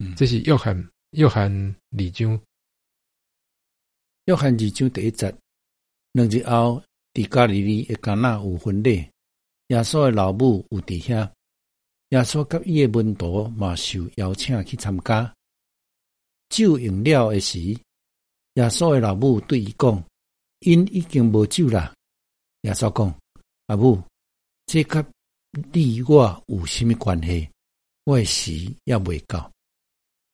嗯、這是約翰，約翰二章，約、嗯、翰二章第一節，兩日後，迪加里里一干那有婚禮，耶穌嘅老母有在遐，耶穌甲伊嘅門徒嘛受邀請去參加，酒飲了嘅時，耶穌嘅老母對伊講，因已經無酒啦，耶穌講，阿母，這甲你我有甚麼關係？我嘅時也未到。